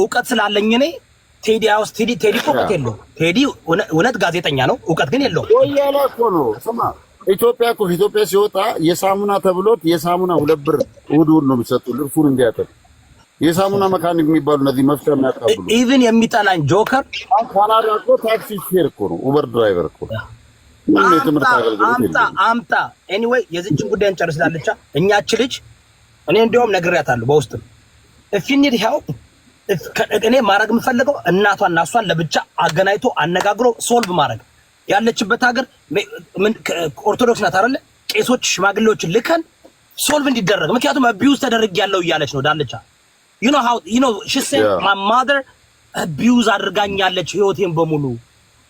እውቀት ስላለኝ እኔ ቴዲ ውስጥ ቴዲ ቴዲ እውቀት የለውም። ቴዲ እውነት ጋዜጠኛ ነው፣ እውቀት ግን የለውም። ወያላ እኮ ነው። ስማ ኢትዮጵያ እኮ ኢትዮጵያ ሲወጣ የሳሙና ተብሎት የሳሙና ሁለት ብር እሑድ እሑድ ነው የሚሰጡ ልብሱን እንዲያጠብ የሳሙና መካኒክ የሚባሉ እነዚህ መፍቻ የሚያቀብሉ ኢቭን የሚጠላኝ ጆከር ካናዳ እኮ ታክሲ ሹፌር እኮ ነው፣ ኡበር ድራይቨር እኮ ነው። የትምህርት አገልግሎት አምጣ። ኤኒዌይ የዚችን ጉዳይ እንጨርስላለቻ። እኛች ልጅ እኔ እንዲያውም ነግሬያታለሁ በውስጥም ኒድ ሄልፕ እኔ ማድረግ የምፈልገው እናቷና እሷን ለብቻ አገናኝቶ አነጋግሮ ሶልቭ ማድረግ ያለችበት ሀገር ኦርቶዶክስ ናት አይደለ? ቄሶች ሽማግሌዎችን ልከን ሶልቭ እንዲደረግ ምክንያቱም አቢዩዝ ተደርግ ያለው እያለች ነው ዳለቻ ዩ ኖ ሃው ዩ ኖ ሺ ሴ ማይ ማዘር አቢዩዝ አድርጋኛለች ህይወቴን በሙሉ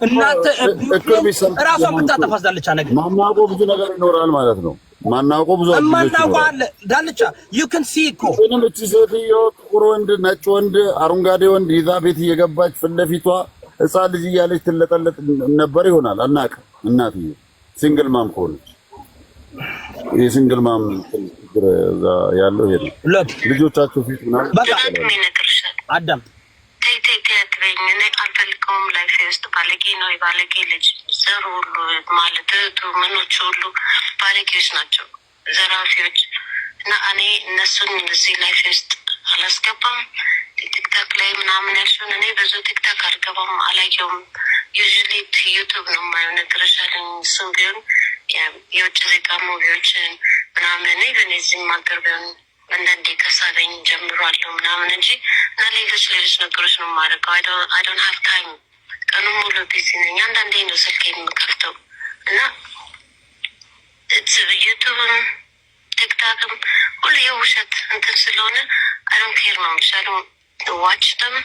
እናንተ ራሷን ብታጠፋስ ዳለቻ ነገር ማማቦ ብዙ ነገር ይኖራል ማለት ነው። ማናውቀው ብዙ አለ ዳልቻ ዩ ካን ሲ እኮ እሱንም እቺ ሴትዮ ጥቁር ወንድ፣ ነጭ ወንድ፣ አረንጓዴ ወንድ ይዛ ቤት እየገባች ፊት ለፊቷ ሕፃን ልጅ እያለች ትለጠለጥ ነበር ይሆናል። አናውቅም። እናትዬ ሲንግል ማም ከሆነች የሲንግል ማም እዛ ያለው ይሄ ነው። ልጆቻቸው ፊት ምናምን በቃ አዳም ተይ ተይ ተይ አትበይኝ። እኔ አልፈልገውም ላይፌ ውስጥ ባለጌ ነው የባለጌ ልጅ ዘሩ ሁሉ ማለት እህቱ ምኖቹ ሁሉ ባለጌዎች ናቸው፣ ዘራፊዎች እና እኔ እነሱን እዚህ ላይፍ ውስጥ አላስገባም። ቲክታክ ላይ ምናምን ያልሽውን እኔ ብዙ ቲክታክ አልገባም፣ አላየውም። ዩዥሊ ዩቱብ ነው የማየው ነግሬሻለሁ። እሱም ቢሆን የውጭ ዜጋ ሙቪዎችን ምናምን እኔ የዚህ ማገር ቢሆን አንዳንዴ ከሳበኝ ጀምሯለሁ ምናምን እንጂ እና ሌሎች ሌሎች ነገሮች ነው የማደርገው። አይዶን ዶንት ሀቭ ታይም ቀኑ ሙሉ ቢዚ ነኝ። አንዳንዴ ነው ስልክ የምከፍተው እና ዩቱብም ቲክታክም ሁሉ የውሸት እንትን ስለሆነ አይዶን ኬር ነው የሚሻለው። ዋች ደም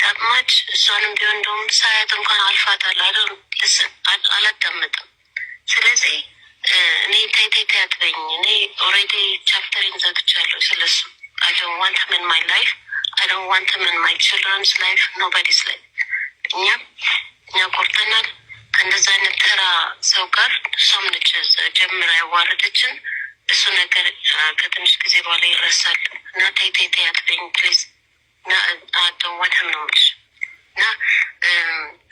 ዳማች እሷንም ቢሆን እንደውም ሳያት እንኳን አልፋታል። አይዶን ልስን አላዳምጥም። ስለዚህ እኔ ታይ ታይ ታይ አትበኝ። እኔ ኦልሬዲ ቻፕተሬን ዘግቻለሁ ስለሱ። አይዶን ዋንት ምን ማይ ላይፍ አይዶን ዋንት ምን ማይ ችልድረንስ ላይፍ ኖባዲስ ላይፍ እኛ እኛ ቆርጠናል። ከእንደዚ አይነት ተራ ሰው ጋር እሷም ነች ጀምራ ያዋረደችን። እሱ ነገር ከትንሽ ጊዜ በኋላ ይረሳል እና ተይተይተ ያትበኝ ፕሊዝ እና አደዋንም ነው ምልሽ እና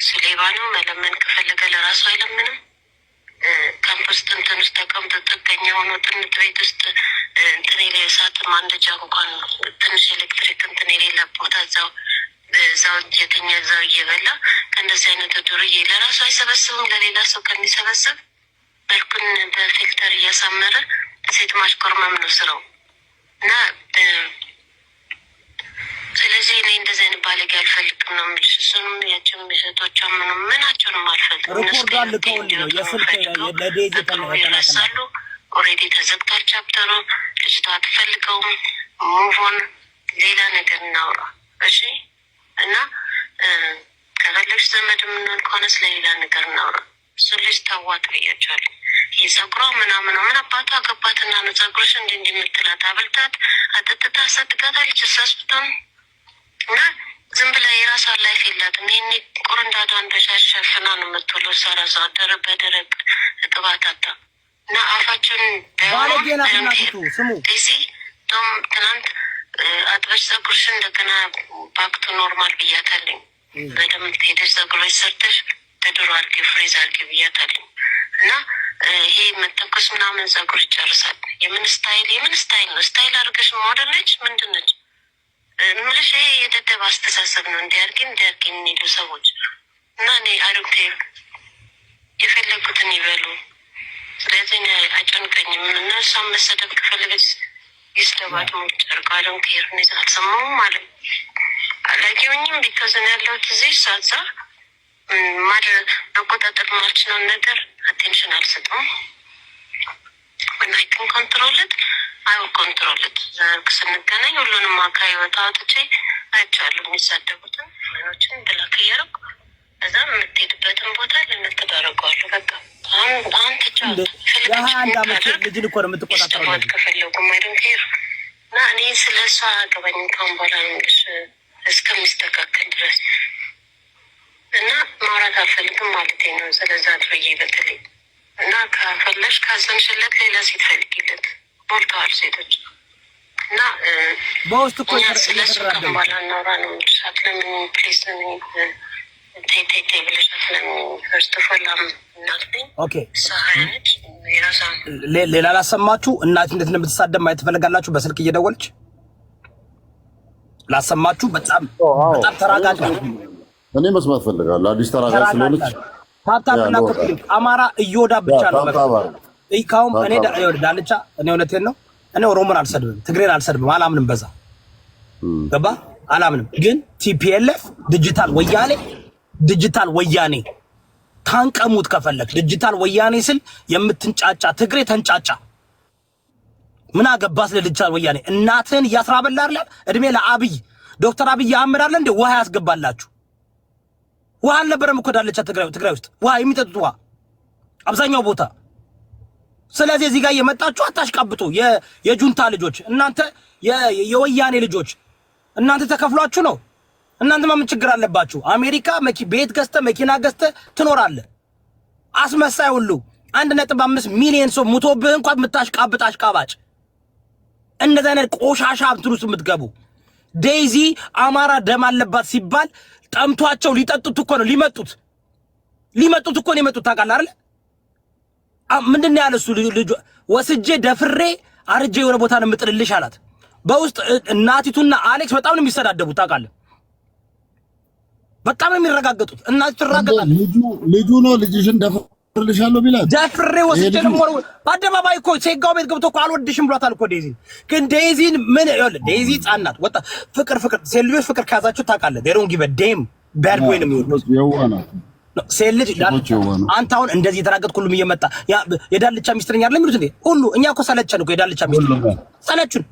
እሱ ሌባ ነው መለመን ከፈለገ ለራሱ አይለምንም። ካምፕ ውስጥ እንትን ውስጥ ተቀምጦ ጥገኛ ሆኖ ጥንት ቤት ውስጥ እንትን የሌለ እሳት ማንደጃ እንኳን ትንሽ ኤሌክትሪክ እንትን የሌለ ቦታ እዛው እዛው እየተኛ እዛው እየበላ ከእንደዚህ አይነቱ ዱርዬ ለራሱ አይሰበስብም። ለሌላ ሰው ከሚሰበስብ መልኩን በፊልተር እያሳመረ ሴት ማሽኮርመም ነው ስራው እና ስለዚህ እኔ እንደዚህ አይነት ባለጌ አልፈልግም ነው የምልሽ። እሱንም ያቸው የሚሰቶች ምኑ ምናቸውንም አልፈልግም። እነሱ ይረሳሉ። ኦልሬዲ ተዘግቷል ቻፕተሩ። ልጅቷ አትፈልገውም። ሙቮን ሌላ ነገር እናውራ እሺ። እና ከፈለግሽ ዘመድ የምንሆን ከሆነ ስለሌላ ነገር እናውራ። እሱ ልጅ ታዋት ብያቸዋል። የጸጉሯ ምናምን ምን አባቷ አገባትና ነው ጸጉሮች እንዲ እንዲምትላት አብልታት አጠጥታ ሰጥታት አልችስ ሆስፒታል እና ዝም ብላ የራሷ ላይፍ የላትም። ይህኔ ቁርንዳዷን በሻሽ ሸፍና ነው የምትውለው። ሰራሷ ደረብ በደረብ እቅባት አታ እና አፋችን ስሙ ዚ ቶም ትናንት አጥበሽ ጸጉርሽን እንደገና ባክቱ ኖርማል ብያታለኝ። በደንብ ሄደሽ ጸጉሮች ሰርተሽ ተድሮ አርጊ ፍሬዝ አርጊ ብያታለኝ እና ይሄ መተኮስ ምናምን ጸጉር ይጨርሳል። የምን ስታይል የምን ስታይል ነው? ስታይል አርገሽ ሞዴል ነች ምንድን ነች ምልሽ? ይሄ የደደብ አስተሳሰብ ነው። እንዲያርጊ እንዲያርጊ የሚሉ ሰዎች እና እኔ አድርግ የፈለጉትን ይበሉ። ስለዚህ አጨንቀኝም እና እሷን መሰደብ ከፈለገች ይስደባት ጨርቅ አለም ከሄር አልሰማሁም አለ አላጌውኝም ቢከዘን ያለሁት እዚህ ሳዛ ማድረግ መቆጣጠር ማልችለውን ነገር አቴንሽን አልሰጠውም። ወን አይ ካን ኮንትሮል አይ ዊል ኮንትሮል ኢት። ስንገናኝ ሁሉንም አካባቢ ወጣ ወጥቼ አይቼዋለሁ የሚሳደቡትን ኖችን ብላ ከያረኩ እዛ የምትሄድበትን ቦታ ለምትደረጓሉ በቃ አሁን ትቻለሀንድ አመት ልጅን እኮ ነው የምትቆጣጠረው። ከፈለጉ ማይደም እና እኔ ስለ እሷ አገባኝ ካሁን በኋላ ንግስ እስከሚስተካከል ድረስ እና ማውራት አልፈልግም ማለት ነው። ስለዛ ድርዬ በተለይ እና ከፈለሽ ካዘንሽለት ሌላ ሴት ፈልጊለት። ሞልተዋል ሴቶች እና በውስጥ እኮ ስለሱ ከኋላ እናውራ ነው ሳት ለምን ፕሌስ ለምን ሌላ ላሰማችሁ። እናት እንዴት እንደምትሳደብ ማየት ትፈልጋላችሁ? በስልክ እየደወለች ላሰማችሁ። በጣም በጣም ተራጋጭ እኔ መስማት ፈልጋለሁ። አዲስ ተራጋጭ ስለሆነች ታታብና አማራ እዮዳ ብቻ ነው ካሁን እኔ ዳልቻ እኔ እውነቴን ነው። እኔ ኦሮሞን አልሰድብም፣ ትግሬን አልሰድብም፣ አላምንም። በዛ ገባ አላምንም። ግን ቲፒኤልኤፍ ዲጂታል ወያኔ ዲጂታል ወያኔ ታንቀሙት ከፈለግ ዲጂታል ወያኔ ስል የምትንጫጫ ትግሬ ተንጫጫ ምን አገባስ ለዲጂታል ወያኔ እናትን እያስራበላ አይደለም እድሜ ለአብይ ዶክተር አብይ አህመድ እንዴ ውሃ ያስገባላችሁ ውሃ አልነበረም እኮ ዳለቻ ትግራይ ውስጥ ውሃ የሚጠጡት ውሃ አብዛኛው ቦታ ስለዚህ እዚህ ጋር የመጣችሁ አታሽቃብጡ የጁንታ ልጆች እናንተ የወያኔ ልጆች እናንተ ተከፍሏችሁ ነው እናንተማ ምን ችግር አለባችሁ? አሜሪካ መኪ ቤት ገዝተ መኪና ገዝተ ትኖራለህ። አስመሳይ ሁሉ አንድ ነጥብ አምስት ሚሊዮን ሰው ሙቶብህ እንኳን የምታሽቃብጥ አሽቃባጭ፣ እንደዚህ አይነት ቆሻሻ እንትን ውስጥ የምትገቡ ዴይዚ አማራ ደም አለባት ሲባል ጠምቷቸው ሊጠጡት እኮ ነው ሊመጡት ሊመጡት እኮ ነው የመጡት። ታውቃለህ አይደል? ምንድን ነው ያለ እሱ ልጅ ወስጄ ደፍሬ አርጄ የሆነ ቦታ ነው የምጥልልሽ አላት። በውስጥ እናቲቱና አሌክስ በጣም ነው የሚሰዳደቡት ታውቃለህ በጣም የሚረጋገጡት እና ትራገጣል። ልጁ ነው ልጅሽን ደፍርልሻለሁ ቢላት ደፍሬ ወስጄ ደግሞ በአደባባይ እኮ ሴጋው ቤት ገብቶ እኮ አልወድሽም ብሏታል እኮ ዴዚ። ግን ዴዚን ምን ዴዚ ጻናት ወጣ ፍቅር ፍቅር ሴት ልጆች ፍቅር ከያዛችሁ ታውቃለህ። ዴሮን ጊበ ዴም ባድ ወይ ነው የሚወዱት ሴት ልጅ አንተ አሁን እንደዚህ የተራገጥኩ ሁሉም እየመጣ የዳልቻ ሚስትረኛ አለ የሚሉት እንዴ ሁሉ እኛ እኮ ሰለቸን እኮ የዳልቻ ሚስትር ሰለችን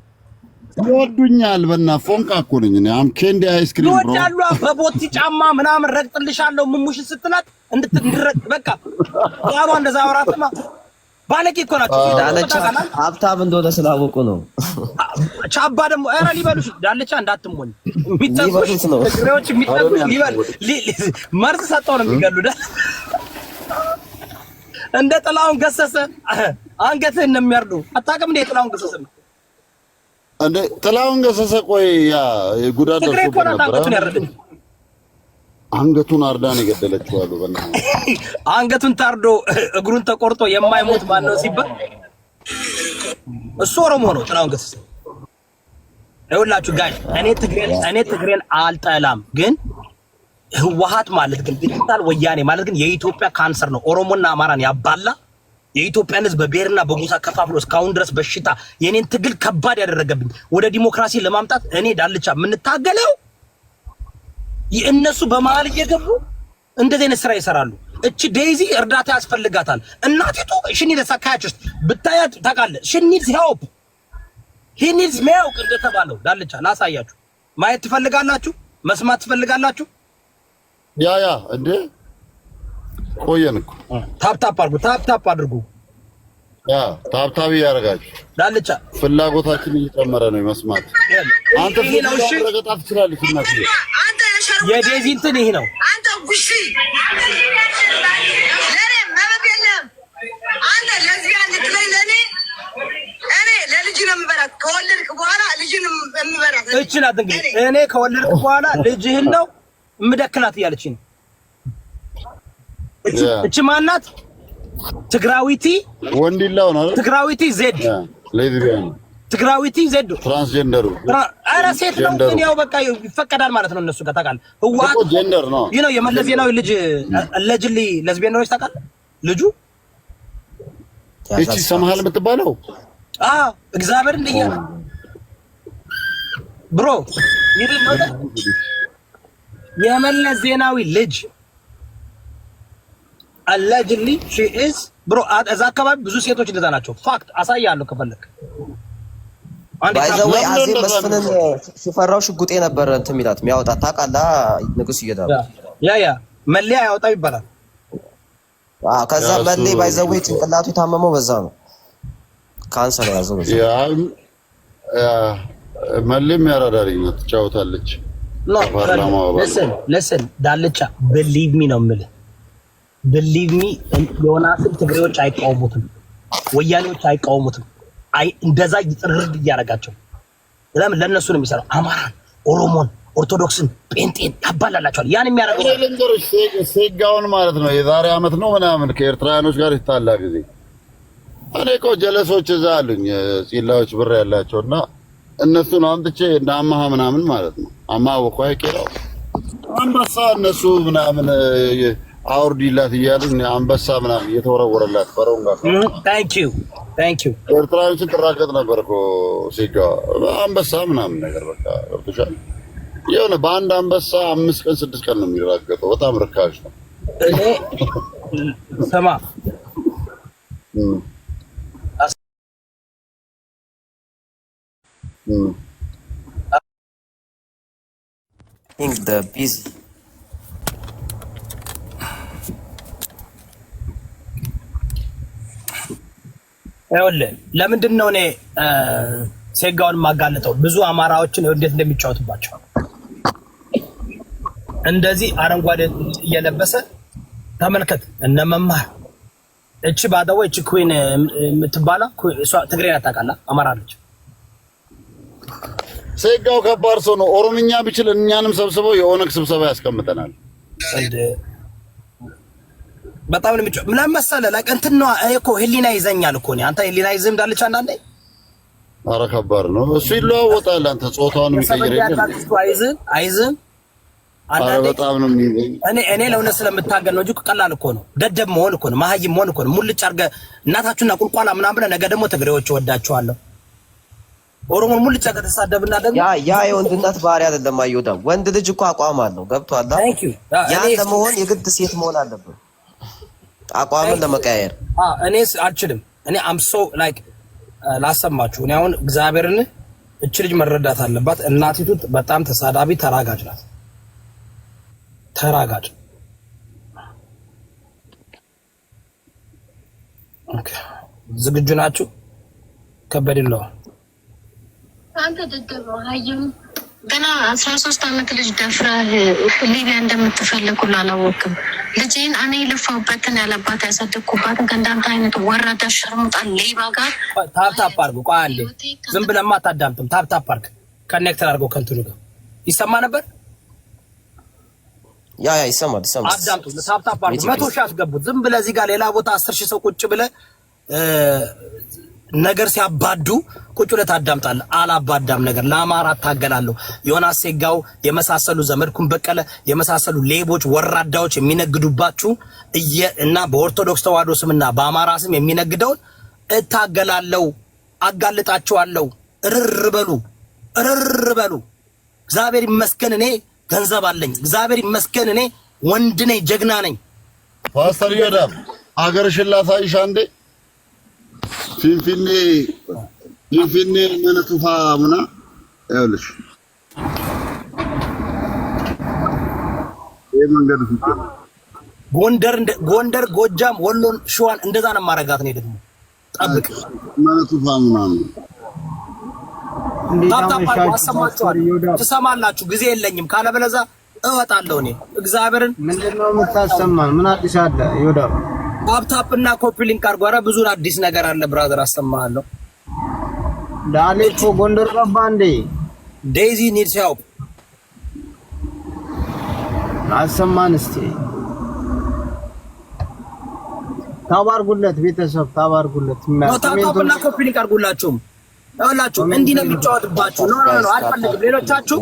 ይወዱኛል። በና ፎንቃ እኮ ነኝ እኔ አም ኬንዲ አይስክሪም ብሮ ይወዳሉ። በቦቲ ጫማ ምናምን ረግጥልሻለሁ ምሙሽን ስትላት እንድትረግ በቃ ያባ እንደዛ አውራትማ ባለቂ እኮ ናቸው። ዳለቻ ሀብታም እንደሆነ ስላወቁ ነው። ቻባ ደግሞ ኧረ ሊበሉሽ ዳለቻ እንዳትሞኝ የሚጠቁሽ ትግሬዎች የሚጠቁሽ ሊበል መርዝ ሰጠው ነው የሚገሉ ዳ እንደ ጥላሁን ገሰሰ አንገትህን ነው የሚያርዱ አታውቅም እንደ ጥላሁን ገሰሰ ነው እንደ ጥላሁን ገሰሰ ቆይ ያ ጉዳት ደርሶበት ነበር። አንገቱን አርዳ ነው የገደለችው አሉ። አንገቱን ታርዶ እግሩን ተቆርጦ የማይሞት ማን ነው ሲባል እሱ ኦሮሞ ነው ጥላሁን ገሰሰ። ይኸውላችሁ ጋሽ እኔ ትግሬን እኔ ትግሬን አልጠላም፣ ግን ህወሓት ማለት ግን ዲጂታል ወያኔ ማለት ግን የኢትዮጵያ ካንሰር ነው። ኦሮሞና አማራን ያባላ የኢትዮጵያን ህዝብ በብሔርና በጎሳ ከፋፍሎ እስካሁን ድረስ በሽታ የኔን ትግል ከባድ ያደረገብኝ ወደ ዲሞክራሲ ለማምጣት እኔ ዳልቻ የምንታገለው እነሱ በመሀል እየገቡ እንደዚህ አይነት ስራ ይሰራሉ። እቺ ዴይዚ እርዳታ ያስፈልጋታል። እናቲቱ ሽኒ ለሳካያችስ ብታያት ታቃለ ሽኒ ሄልፕ ሂኒዝ ሚያውቅ እንደተባለው ዳልቻ ላሳያችሁ። ማየት ትፈልጋላችሁ? መስማት ትፈልጋላችሁ? ያ ያ እንዴ ቆየን እኮ ታፕ አድርጉ፣ ታፕታፕ አድርጉ። ያ ታፕታፕ እያደረጋችሁ ዳልቻ ፍላጎታችን እየጨመረ ነው መስማት። አንተ ፍላጎት ትችላለች እና የዴዚ እንትን ይሄ ነው። አንተ ጉሺ ለኔ መብት ነው ከወለድክ በኋላ ልጅን የምበላት እችላት። እንግዲህ እኔ ከወለድክ በኋላ ልጅህን ነው የምደክላት እያለችኝ ነው እቺ ማናት? ትግራዊቲ ወንዲላው ነው። ትግራዊቲ ዜድ ሌዝቢያን ትግራዊቲ ዜድ ትራንስጀንደሩ ኧረ ሴት ነው ግን ያው በቃ ይፈቀዳል ማለት ነው። እነሱ ጋር ታውቃለህ፣ ህወሓት ጀንደር ነው። ይህ ነው የመለስ ዜናዊ ልጅ ለጅሊ ለዝቤን ነች ታውቃለህ። ልጁ እቺ ሰማሃል የምትባለው እግዚአብሔር እንደያለ ብሮ ይሄ የመለስ ዜናዊ ልጅ አለጅሊ ሺ ኢዝ ብሮ እዛ አካባቢ ብዙ ሴቶች እንደዛ ናቸው። ፋክት አሳያለሁ ከፈለክ ባይዘወይ አዜብ መስፍንን ሽፈራው ሽጉጤ ነበረ እንትን የሚላት የሚያወጣት ታውቃለህ። ንጉስ እየዳ ያ ያ መለያ ያወጣው ይባላል። ከዛ መሌ ባይዘወይ ጭንቅላቱ የታመመው በዛ ነው። ካንሰር ያዘው በዛ መሌም ያራዳሪኝ ነው ትጫወታለች። ዳልቻ ብሊቭ ሚ ነው የምልህ ሚ ዮናስን ትግሬዎች አይቃወሙትም፣ ወያኔዎች አይቃወሙትም። እንደዛ ይጥርርድ እያደረጋቸው ለምን ለእነሱ ነው የሚሰራው። አማራን፣ ኦሮሞን፣ ኦርቶዶክስን፣ ጴንጤን ያባላላቸዋል። ያን የሚያደርገው ማለት ነው። የዛሬ አመት ነው ምናምን ከኤርትራውያኖች ጋር ይታላ ጊዜ እኔ እኮ ጀለሶች እዛ አሉኝ ጺላዎች ብር ያላቸው እና እነሱን አምጥቼ እንደ አማሀ ምናምን ማለት ነው አማሃ ወኳ ቄራው አንበሳ እነሱ ምናምን አውርዲላት እያሉ አንበሳ ምናምን እየተወረወረላት ፈረውን ጋር ታንክ ዩ ዩ ትራገጥ ነበር እኮ ሲጋ አንበሳ ምናምን ነገር በቃ ገብቶሻል። የሆነ በአንድ አንበሳ አምስት ቀን ስድስት ቀን ነው የሚራገጠው። በጣም ርካሽ ነው። ሰማ I think ይኸውልህ ለምንድን ነው እኔ ሴጋውን የማጋለጠው? ብዙ አማራዎችን እንዴት እንደሚጫወትባቸው እንደዚህ አረንጓዴ እየለበሰ ተመልከት። እነ መማር እቺ ባደወ እቺ ኩዊን የምትባላ ትግሬ ታውቃለህ፣ አማራ ነች። ሴጋው ከባድ ሰው ነው። ኦሮምኛ ቢችል እኛንም ሰብስበው የኦነግ ስብሰባ ያስቀምጠናል። በጣም ነው የሚጮህ ምናምን መሰለህ። ላይክ እንትን ነው እኮ ህሊና ይዘኛል እኮ ነው። አንተ ህሊና ይዘህም እንዳለች አንዳንዴ ኧረ ከባድ ነው እሱ። ይለዋወጣል። አንተ ጾታውን የሚቀይር የለም አይዝም አንዳንዴ በጣም ነው የሚይዘኝ። እኔ እኔ ለእውነት ስለምታገል ነው እንጂ ቀላል እኮ ነው። ደደብ መሆን እኮ ነው፣ መሀይም መሆን እኮ ነው። ሙልጭ አድርገህ እናታችሁና ቁልቋላ ምናምን ብለህ ነገ ደግሞ ትግሬዎች እወዳቸዋለሁ ኦሮሞን ሙልጫ ተሳደብና ደግሞ ያ ያ የወንድነት ባህሪ አይደለም። አይወዳም ወንድ ልጅ እኮ አቋም አለው። ገብቶሃል? ያ ለመሆን የግድ ሴት መሆን አለብን። አቋምን ለመቀያየር እኔ አልችልም። እኔ አምሶ ላይክ ላሰማችሁ። እኔ አሁን እግዚአብሔርን እች ልጅ መረዳት አለባት። እናቲቱ በጣም ተሳዳቢ ተራጋጭ ናት። ተራጋጭ ዝግጁ ናችሁ? ከበድለው አንተ ገና አስራ ሶስት አመት ልጅ ደፍረህ ሊቢያ እንደምትፈልግ ሁሉ አላወቅም። ልጄን እኔ የለፋሁበትን ያለባት ያሳደግኩባትን ከእንዳንተ አይነት ወረዳ ሸርሙጣ ሌባ ጋር ታፕታፕ አርጉ። ቆይ ዝም ብለማ አታዳምጥም። ታፕታፕ አርግ ከኔክተር አርገው ከንትኑ ጋር ይሰማ ነበር። ያ ያ ይሰማል፣ ይሰማል። አዳምጡ። ታፕታፕ አርጉ። መቶ ሺህ አስገቡት። ዝም ብለህ እዚህ ጋር ሌላ ቦታ አስር ሺህ ሰው ቁጭ ብለህ ነገር ሲያባዱ ቁጭ ብለህ ታዳምጣለህ። አላባዳም ነገር ለአማራ እታገላለሁ። ዮናስ ሴጋው የመሳሰሉ ዘመድኩን በቀለ የመሳሰሉ ሌቦች፣ ወራዳዎች የሚነግዱባችሁ እና በኦርቶዶክስ ተዋህዶ ስምና በአማራ ስም የሚነግደውን እታገላለሁ፣ አጋልጣችኋለሁ። እርር በሉ፣ እርር በሉ። እግዚአብሔር ይመስገን እኔ ገንዘብ አለኝ። እግዚአብሔር ይመስገን እኔ ወንድ ነኝ፣ ጀግና ነኝ። ፓስተር ገዳም አገርሽን ላሳይሽ አንዴ ፊንፊኔ ፊንፊኔ ምና ይኸውልሽ፣ ይህ መንገድ ጎንደር ጎንደር፣ ጎጃም፣ ወሎን፣ ሸዋን እንደዛ ነው ማረጋት። ነው ደግሞ ጠብቅ ማለት ውሃ ምና ነው። ትሰማላችሁ። ጊዜ የለኝም ካለበለዛ እወጣለሁ እኔ እግዚአብሔርን። ምንድነው የምታሰማን? ምን አዲስ አለ ይወዳ ታፕታፕ እና ኮፒ ሊንክ አድርጎ። ኧረ ብዙ አዲስ ነገር አለ ብራዘር፣ አሰማሃለሁ። ዳሌ እኮ ጎንደር ገባ እንዴ? ዴዚ ኒድ ሄልፕ አሰማን እስቲ። ታባርጉለት ቤተሰብ ታባርጉለት። ታፕታፕ እና ኮፒ ሊንክ አድርጉላችሁም ሁላችሁም እንዲህ ነው የሚጫወትባችሁ። ኖ ኖ ኖ አልፈልግም። ሌሎቻችሁ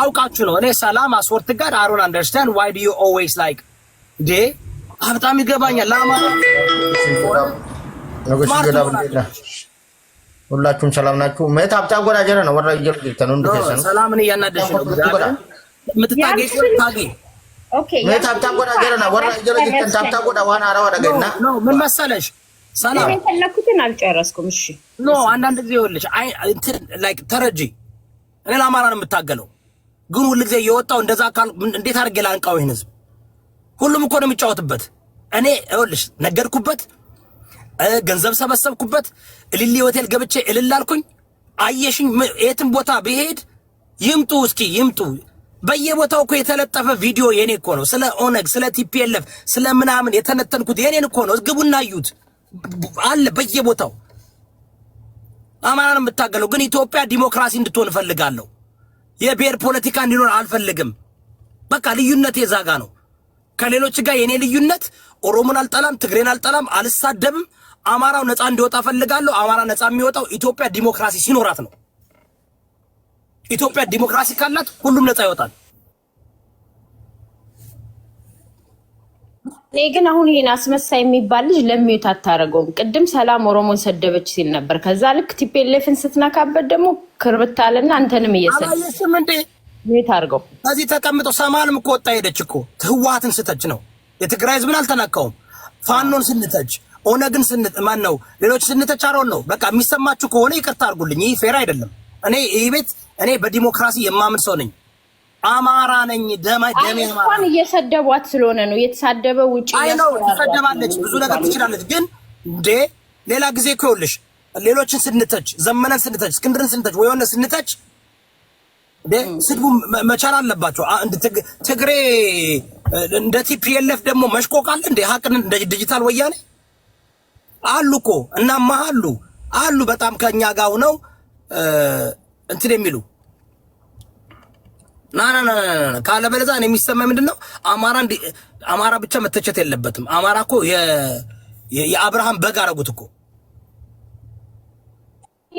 አውቃችሁ ነው። እኔ ሰላም አስወርት ጋር አሮን አንደርስታንድ ዋይ ዱ ዩ ኦልዌይስ ላይክ ዴ በጣም ይገባኛል። ለአማራ ሁላችሁም ሰላም ናችሁ? መት አብጫ ጎዳ ነው ወራ ይጀር ነው እንደ ተሰነ ሰላም ነው ያናደሽ ነው ነው ነው ነው ምን መሰለሽ አንዳንድ ጊዜ ይኸውልሽ አይ እንትን ላይክ ተረጂ እኔ ለአማራ ነው የምታገለው፣ ግን ሁልጊዜ እየወጣው እንደዛ እንዴት አድርጌ ላንቃው ይህን ህዝብ ሁሉም እኮ ነው የሚጫወትበት። እኔ ይኸውልሽ ነገድኩበት፣ ገንዘብ ሰበሰብኩበት፣ እልሌ ሆቴል ገብቼ እልላልኩኝ። አየሽኝ? የትም ቦታ ብሄድ ይምጡ እስኪ ይምጡ። በየቦታው እኮ የተለጠፈ ቪዲዮ የኔ እኮ ነው። ስለ ኦነግ፣ ስለ ቲፒኤልኤፍ፣ ስለ ምናምን የተነተንኩት የኔን እኮ ነው። ግቡና እዩት አለ በየቦታው። አማራን የምታገለው ግን ኢትዮጵያ ዲሞክራሲ እንድትሆን እፈልጋለሁ። የብሔር ፖለቲካ እንዲኖር አልፈልግም። በቃ ልዩነት የዛጋ ነው። ከሌሎች ጋር የኔ ልዩነት ኦሮሞን አልጠላም፣ ትግሬን አልጠላም፣ አልሳደብም። አማራው ነፃ እንዲወጣ ፈልጋለሁ። አማራ ነፃ የሚወጣው ኢትዮጵያ ዲሞክራሲ ሲኖራት ነው። ኢትዮጵያ ዲሞክራሲ ካላት ሁሉም ነፃ ይወጣል። እኔ ግን አሁን ይህን አስመሳይ የሚባል ልጅ ለሚዩት አታደርገውም። ቅድም ሰላም ኦሮሞን ሰደበች ሲል ነበር። ከዛ ልክ ቲፔሌፍን ስትነካበት ደግሞ ክርብታልና አንተንም እየሰደ ሜት አድርገው እዚህ ተቀምጦ ሰማንም እኮ ወጣ ሄደች እኮ ህወሓትን ስተች ነው። የትግራይ ህዝብን አልተናካውም። ፋኖን ስንተች፣ ኦነግን ስንት ማን ነው ሌሎች ስንተች አሮን ነው። በቃ የሚሰማችሁ ከሆነ ይቅርታ አድርጉልኝ። ይህ ፌር አይደለም። እኔ ይህ ቤት እኔ በዲሞክራሲ የማምን ሰው ነኝ። አማራ ነኝ። ደማ እየሰደቧት ስለሆነ ነው የተሳደበ ውጭ ነው ትሰደባለች፣ ብዙ ነገር ትችላለች። ግን እንዴ ሌላ ጊዜ እኮ ይኸውልሽ ሌሎችን ስንተች፣ ዘመነን ስንተች፣ እስክንድርን ስንተች፣ ወይሆነ ስንተች ስድቡ መቻል አለባቸው። ትግሬ እንደ ቲፒኤልኤፍ ደግሞ መሽቆቅ አለ እንደ ሀቅን እንደ ዲጂታል ወያኔ አሉ እኮ እናማ አሉ አሉ በጣም ከኛ ጋር ሆነው እንትን የሚሉ ና ና ና ና ካለበለዚያ እኔ የሚሰማኝ ምንድን ነው? አማራ አማራ ብቻ መተቸት የለበትም። አማራ እኮ የአብርሃም በግ አረጉት እኮ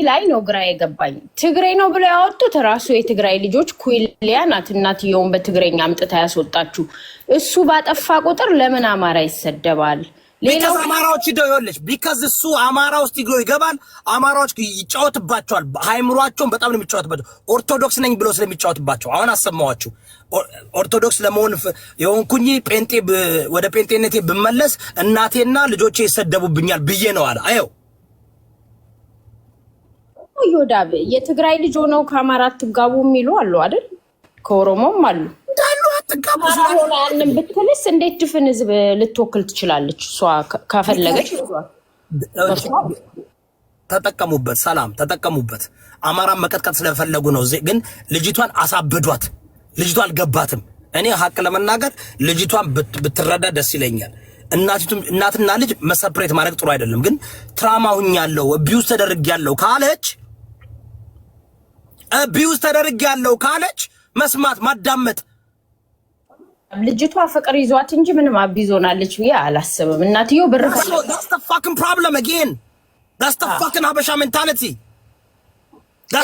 ላይ ነው ግራ የገባኝ። ትግሬ ነው ብለው ያወጡት ራሱ የትግራይ ልጆች ኩልያ ናት እናትየውን በትግረኛ አምጥታ ያስወጣችሁ። እሱ ባጠፋ ቁጥር ለምን አማራ ይሰደባል? አማራዎች ሂደው ይኸውልሽ፣ እሱ አማራ ውስጥ ይግሮ ይገባል። አማራዎች ይጫወትባቸዋል። ሃይምሯቸውን በጣም ነው የሚጫወትባቸው። ኦርቶዶክስ ነኝ ብሎ ስለሚጫወትባቸው አሁን አሰማዋችሁ። ኦርቶዶክስ ለመሆን የሆንኩኝ ጴንጤ ወደ ጴንጤነቴ ብመለስ እናቴና ልጆቼ ይሰደቡብኛል ብዬ ነው አለ አየው ዮዳብ የትግራይ ልጅ ሆነው ከአማራ አትጋቡ የሚሉ አሉ አይደል? ከኦሮሞም አሉ ሆናንን ብትልስ እንዴት ድፍን ህዝብ ልትወክል ትችላለች? እሷ ካፈለገች ተጠቀሙበት። ሰላም ተጠቀሙበት። አማራን መቀጥቀጥ ስለፈለጉ ነው። ግን ልጅቷን አሳብዷት። ልጅቷ አልገባትም። እኔ ሀቅ ለመናገር ልጅቷን ብትረዳ ደስ ይለኛል። እናትና ልጅ መሰፕሬት ማድረግ ጥሩ አይደለም። ግን ትራማሁኝ ቢውስ ተደርግ ያለው ካለች ቢውዝ ተደርግ ያለው ካለች መስማት ማዳመጥ። ልጅቷ ፍቅር ይዟት እንጂ ምንም አቢዞናለች ብዬ አላስብም። እናትዮ ብር ፋክን ፕሮብለም ጌን ፋክን ሀበሻ ሜንታሊቲ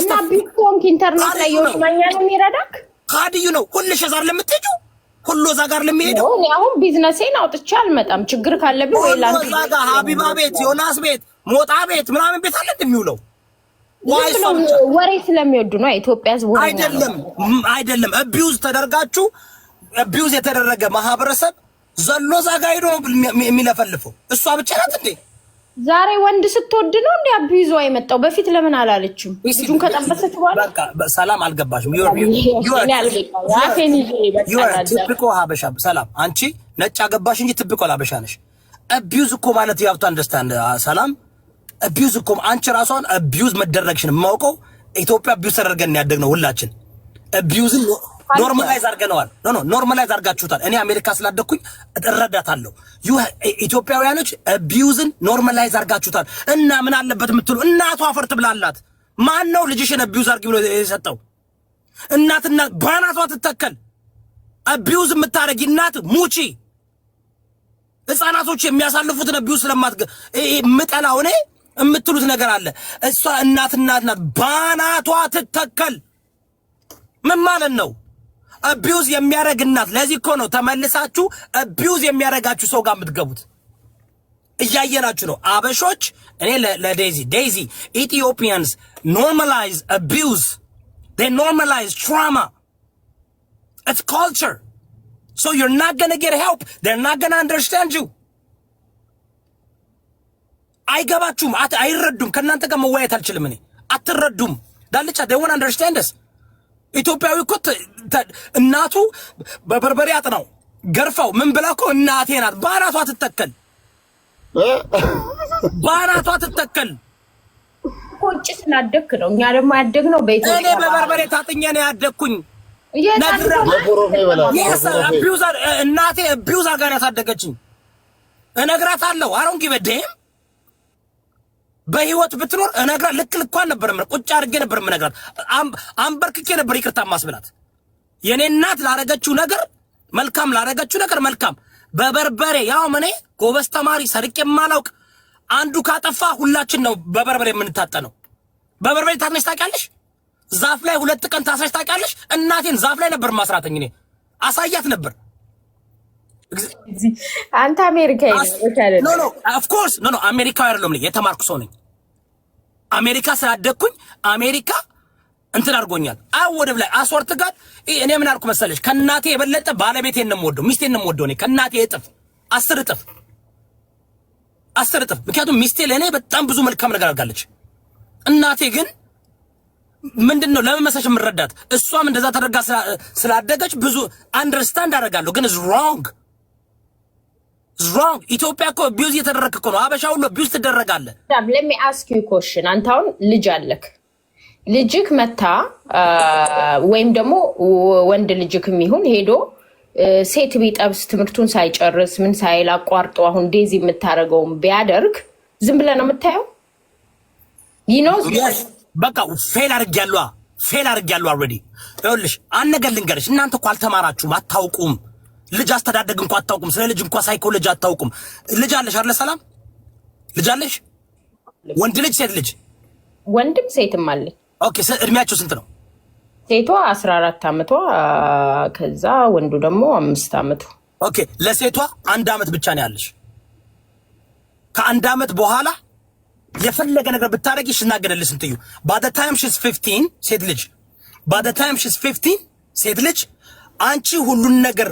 እና ቢኮንክ ኢንተርኔት ላይ የሆነ ማኛ ነው የሚረዳክ ካድዩ ነው ሁልሽ ዛር ለምትሄጂው ሁሉ እዛ ጋር ለሚሄደው አሁን ቢዝነሴን አውጥቼ አልመጣም። ችግር ካለብኝ ወይ ላንተ ሀቢባ ቤት፣ ዮናስ ቤት፣ ሞጣ ቤት ምናምን ቤት አለ እንደሚውለው ወሬ ስለሚወዱ ነው። ኢትዮጵያ ህዝብ አይደለም አይደለም። አቢውዝ ተደርጋችሁ አቢውዝ የተደረገ ማህበረሰብ ዘሎ ዛጋ ሄዶ የሚለፈልፈው እሷ ብቻ ናት እንዴ? ዛሬ ወንድ ስትወድ ነው እንዲ አቢውዝ የመጣው። በፊት ለምን አላለችም? ልጁን ከጠበሰች በኋላ ሰላም አልገባሽም። ትብቆ ሀበሻ ሰላም። አንቺ ነጭ አገባሽ እንጂ ትብቆ ሀበሻ ነሽ። አቢውዝ እኮ ማለት የሀብቷን ደስታ ሰላም አቢዩዝ እኮ አንቺ ራሷን አቢዩዝ መደረግሽን የማውቀው ኢትዮጵያ አቢዩዝ ተደርገን ያደግነው ሁላችን አቢዩዝን ኖርማላይዝ አድርገነዋል። ኖ ኖ ኖርማላይዝ አድርጋችሁታል። እኔ አሜሪካ ስላደግኩኝ እረዳታለሁ። ኢትዮጵያውያኖች አቢዩዝን ኖርማላይዝ አድርጋችሁታል እና ምን አለበት የምትሉ እናቷ አፈር ብላላት። ማን ነው ልጅሽን አቢዩዝ አድርጊ ብሎ የሰጠው? እናትና ባናቷ ትተከል። አቢዩዝ የምታደርጊ እናት ሙቺ ህጻናቶች የሚያሳልፉትን አቢዩዝ ስለማትገ ምጠላው እኔ የምትሉት ነገር አለ። እሷ እናት እናት ናት፣ ባናቷ ትተከል። ምን ማለት ነው? አቢውዝ የሚያደርግ እናት። ለዚህ እኮ ነው ተመልሳችሁ አቢውዝ የሚያደርጋችሁ ሰው ጋር የምትገቡት። እያየናችሁ ነው አበሾች። እኔ ለዴዚ ዴዚ ኢትዮጵያንስ ኖርማላይዝ አቢውዝ they normalize trauma it's culture so you're not gonna get help they're ናት ገና አንደርስታንድ ዩ አይገባችሁም፣ አይረዱም። ከእናንተ ጋር መወያየት አልችልም እኔ። አትረዱም። ዳልቻ ደወን አንደርስታንደስ ኢትዮጵያዊ እኮ እናቱ በበርበሬ አጥናው ገርፋው ምን ብላ እኮ እናቴ ናት። በአናቷ ትተከል፣ በአናቷ ትተከል። ቁጭ ስላደግክ ነው። እኛ ደግሞ ያደግነው በኢትዮጵያ እኔ በበርበሬ ታጥኜ ነው ያደግኩኝ። እናቴ ቢውዝ አርጋ ያሳደገችኝ እነግራታለሁ። አሮን ጊበደም በህይወት ብትኖር እነግራ ልክ ልኳን ነበር ቁጭ አድርጌ ነበር ምነግራት፣ አንበርክኬ ነበር ይቅርታ ማስብላት። የኔ እናት ላረገችው ነገር መልካም ላረገችው ነገር መልካም በበርበሬ ያው እኔ ጎበዝ ተማሪ ሰርቄ የማላውቅ አንዱ ካጠፋ ሁላችን ነው በበርበሬ የምንታጠነው። በበርበሬ ታጥነሽ ታውቂያለሽ? ዛፍ ላይ ሁለት ቀን ታስረሽ ታውቂያለሽ? እናቴን ዛፍ ላይ ነበር ማስራተኝ እኔ አሳያት ነበር። አንተ አሜሪካዊ ነው። ኦፍኮርስ ኖ ኖ አሜሪካዊ አይደለም። የተማርኩ ሰው ነኝ። አሜሪካ ስላደግኩኝ አሜሪካ እንትን አድርጎኛል። ወደብ ላይ አስወርት ጋር እኔ ምን አልኩ መሰለሽ? ከእናቴ የበለጠ ባለቤቴን ነው የምወደው፣ ሚስቴን ነው የምወደው። እኔ ከእናቴ እጥፍ አስር እጥፍ አስር እጥፍ። ምክንያቱም ሚስቴ ለእኔ በጣም ብዙ መልካም ነገር አድርጋለች። እናቴ ግን ምንድን ነው ለምን መሰለሽ የምረዳት እሷም እንደዛ ተደርጋ ስላደገች ብዙ አንደርስታንድ አደርጋለሁ፣ ግን ኢዝ ሮንግ ዝሮንግ ኢትዮጵያ እኮ ቢዩዝ እየተደረግክ እኮ ነው። አበሻ ሁሉ ቢዩዝ ትደረጋለ። ለሚ አስክ ዩ ኮሽን አንተ አሁን ልጅ አለክ። ልጅክ መታ ወይም ደግሞ ወንድ ልጅክ የሚሆን ሄዶ ሴት ቢጠብስ ትምህርቱን ሳይጨርስ ምን ሳይል አቋርጦ አሁን ዴዚ የምታደርገውን ቢያደርግ ዝም ብለህ ነው የምታየው? ይኖ በቃ ፌል አድርጊያለሁ ፌል አድርጊያለሁ። ኦልሬዲ ይኸውልሽ፣ አንድ ነገር ልንገርሽ። እናንተ እኮ አልተማራችሁም፣ አታውቁም ልጅ አስተዳደግ እንኳ አታውቁም። ስለ ልጅ እንኳ ሳይኮሎጂ አታውቁም። ልጅ አለሽ አለ ሰላም ልጅ አለሽ? ወንድ ልጅ ሴት ልጅ? ወንድም ሴትም አለኝ። ኦኬ። እድሜያቸው ስንት ነው? ሴቷ አስራ አራት አመቷ ከዛ ወንዱ ደግሞ አምስት አመቱ። ኦኬ። ለሴቷ አንድ አመት ብቻ ነው ያለሽ። ከአንድ አመት በኋላ የፈለገ ነገር ብታደረግ ሽናገደልሽ ስንትዩ ባደ ታይም ሽስ ፊፍቲን ሴት ልጅ ባደ ታይም ሽስ ፊፍቲን ሴት ልጅ አንቺ ሁሉን ነገር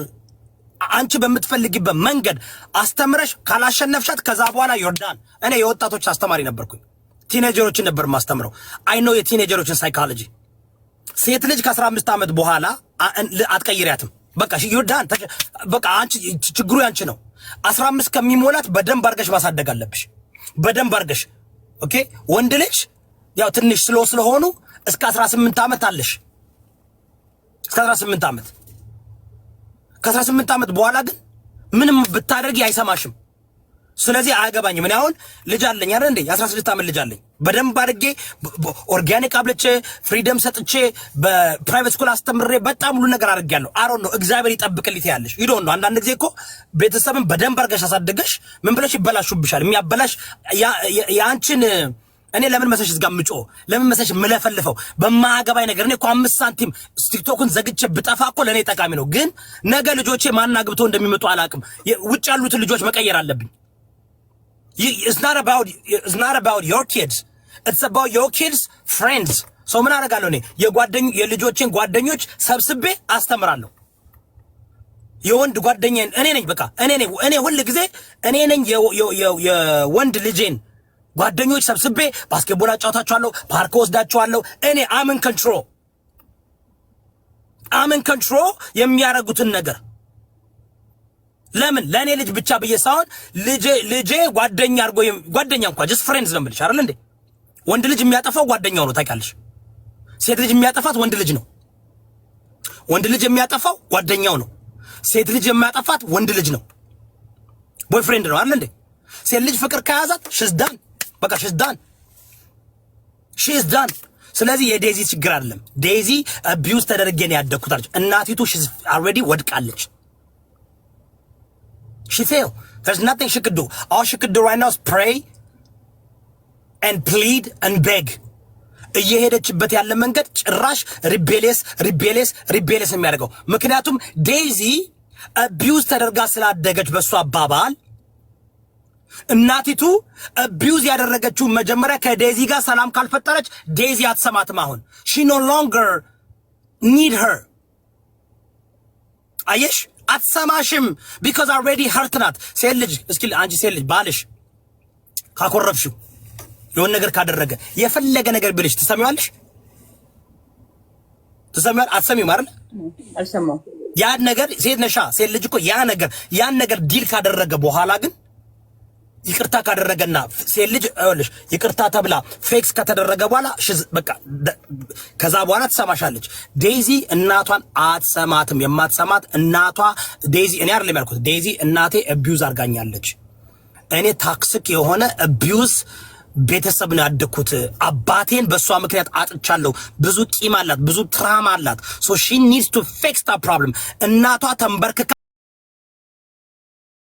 አንቺ በምትፈልጊበት መንገድ አስተምረሽ ካላሸነፍሻት ከዛ በኋላ ዮርዳን። እኔ የወጣቶች አስተማሪ ነበርኩኝ። ቲኔጀሮችን ነበር ማስተምረው። አይ ነው የቲኔጀሮችን ሳይኮሎጂ። ሴት ልጅ ከ15 ዓመት በኋላ አትቀይሪያትም። በቃ ዮርዳን፣ በቃ አንቺ ችግሩ ያንቺ ነው። 15 ከሚሞላት በደንብ አርገሽ ማሳደግ አለብሽ። በደንብ አርገሽ ኦኬ። ወንድ ልጅ ያው ትንሽ ስሎ ስለሆኑ እስከ 18 ዓመት አለሽ። እስከ 18 ዓመት ከ ስምንት ዓመት በኋላ ግን ምንም ብታደርጊ አይሰማሽም። ስለዚህ አያገባኝም። እኔ አሁን ልጅ አለኝ አይደል እንዴ? የአስራ ስድስት ዓመት ልጅ አለኝ። በደንብ አድርጌ ኦርጋኒክ አብልቼ ፍሪደም ሰጥቼ በፕራይቬት ስኩል አስተምሬ በጣም ሁሉ ነገር አድርጌያለሁ። አሮ ነው እግዚአብሔር ይጠብቅልኝ ያለሽ ይዶ ነው። አንዳንድ ጊዜ እኮ ቤተሰብን በደንብ አድርገሽ አሳደገሽ ምን ብለሽ ይበላሹብሻል። የሚያበላሽ የአንቺን እኔ ለምን መሰሽ እዝጋ ምጮ ለምን መሰሽ ምለፈልፈው በማያገባኝ ነገር? እኔ እኮ አምስት ሳንቲም ቲክቶክን ዘግቼ ብጠፋ እኮ ለእኔ ጠቃሚ ነው። ግን ነገ ልጆቼ ማን እንደሚመጡ አላቅም። ውጭ ያሉትን ልጆች መቀየር አለብኝ። ናት አባውት ዮር ኪድስ ኢትስ አባውት ዮር ኪድስ ፍሬንድስ። ሶ ምን አደርጋለሁ እኔ የልጆቼን ጓደኞች ሰብስቤ አስተምራለሁ። የወንድ ጓደኛዬን እኔ ነኝ፣ በቃ እኔ ነኝ። እኔ ሁል ጊዜ እኔ ነኝ የወንድ ልጄን ጓደኞች ሰብስቤ ባስኬትቦል አጫውታችኋለሁ፣ ፓርክ ወስዳችኋለሁ። እኔ አምን ከንትሮ አምን ከንትሮ የሚያረጉትን ነገር ለምን ለእኔ ልጅ ብቻ ብዬ ሳይሆን ልጄ ልጄ ጓደኛ አድርጎ ጓደኛ እንኳ ጀስት ፍሬንድስ ነው የምልሽ አይደል እንዴ? ወንድ ልጅ የሚያጠፋው ጓደኛው ነው ታውቂያለሽ። ሴት ልጅ የሚያጠፋት ወንድ ልጅ ነው። ወንድ ልጅ የሚያጠፋው ጓደኛው ነው። ሴት ልጅ የሚያጠፋት ወንድ ልጅ ነው። ቦይፍሬንድ ነው አይደል እንዴ? ሴት ልጅ ፍቅር ከያዛት ሽዝዳን በቃ ሽዝ ዳን ሽዝ ዳን። ስለዚህ የዴዚ ችግር አይደለም። ዴዚ አቢዩዝ ተደርጌ ነው ያደግኩት አለች። እናቲቱ ሽዝ አልሬዲ ወድቃለች። ሽ ፌል there's ናቲንግ she could do all she could do right now is pray and plead and beg እየሄደችበት ያለ መንገድ ጭራሽ ሪቤሌስ ሪቤሌስ ሪቤሌስ የሚያደርገው ምክንያቱም ዴዚ አቢዩዝ ተደርጋ ስላደገች በእሱ አባባል እናቲቱ አቢውዝ ያደረገችው መጀመሪያ ከዴዚ ጋር ሰላም ካልፈጠረች ዴዚ አትሰማትም። አሁን ሺ ኖ ሎንገር ኒድ ሄር አየሽ፣ አትሰማሽም። ቢካዝ አልሬዲ ሀርት ናት። ሴት ልጅ እስኪ አንቺ ሴት ልጅ ባልሽ ካኮረፍሽው የሆን ነገር ካደረገ የፈለገ ነገር ብልሽ ትሰሚዋለሽ? ትሰሚዋል? አትሰሚውም አይደል? ያን ነገር ሴት ነሻ ሴት ልጅ እኮ ያ ነገር ያን ነገር ዲል ካደረገ በኋላ ግን ይቅርታ ካደረገና ሴት ልጅ ይኸውልሽ ይቅርታ ተብላ ፌክስ ከተደረገ በኋላ በቃ ከዛ በኋላ ትሰማሻለች። ዴይዚ እናቷን አትሰማትም። የማትሰማት እናቷ ዴይዚ እኔ አይደለም ያልኩት። ዴይዚ እናቴ አቢውዝ አርጋኛለች። እኔ ታክሲክ የሆነ አቢውዝ ቤተሰብ ነው ያደግኩት። አባቴን በእሷ ምክንያት አጥቻለሁ። ብዙ ቂም አላት፣ ብዙ ትራማ አላት። ሶ ሺ ኒድስ ቱ ፌክስ ታ ፕሮብለም እናቷ ተንበርክካ